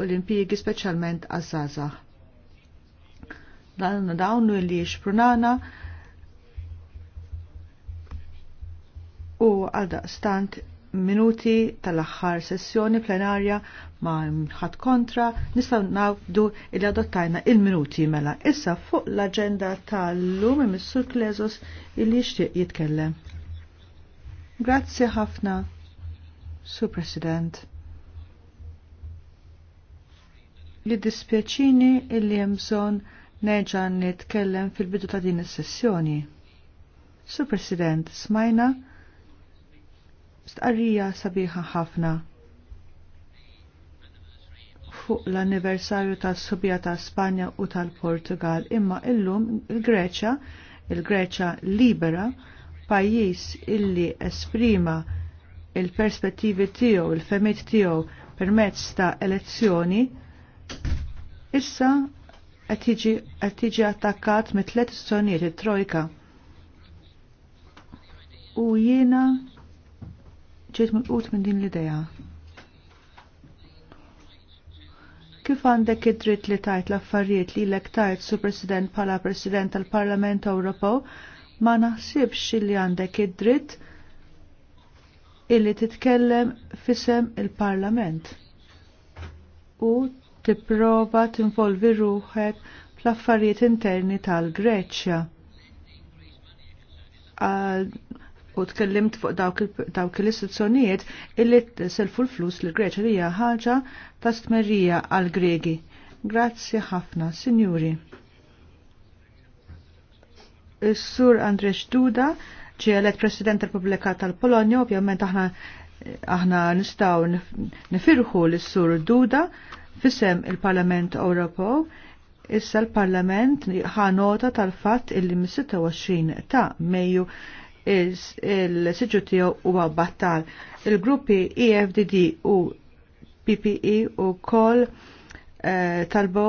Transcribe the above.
u l-impjiegi speċjalment għaż Dan dawn li xprunana u għaldaqstant minuti tal-axħar sessjoni plenarja ma ħadd kontra nistgħu nabdu il adottajna il-minuti mela. Issa fuq l-aġenda tal-lum Missur Klezos illi jixtieq jitkellem. Grazzi ħafna, Sur President li dispjaċini illi hemm bżonn nerġa' nitkellem fil-bidu ta' din is-sessjoni. Sur President, smajna stqarrija sabiħa ħafna fuq l-anniversarju tas subija ta' Spanja u tal-Portugal imma illum il greċa il greċa libera, pajjiż illi esprima il-perspettivi tiegħu, il femit tiegħu permezz ta' elezzjoni Issa qed jiġi attakkat mit tliet istituzzjonijiet it-Trojka. U jiena ġiet mulqut minn din l-idea. kif għandek id-dritt li tajt l-affarijiet li l-ek tajt su president pala president tal-Parlament Ewropew, ma naħsibx li għandek id-dritt illi titkellem fisem il-Parlament. U tipprova tinvolvi ruħek fl-affarijiet interni tal-Greċja. U tkellimt fuq dawk il-istituzzjonijiet illi selfu l-flus l greċja li hija ħaġa ta' stmerija għal Gregi. Grazzi ħafna, Signuri. Is-Sur Andrzej Duda ġie elett President Republika tal-Polonja, ovvjament aħna aħna nistgħu nifirħu l-Sur Duda Fisem il-Parlament Ewropew issa l-Parlament ħa nota tal-fatt illi mis-26 ta' Mejju il-siġu tiegħu huwa battal. Il-gruppi EFDD u PPE u koll eh, talbow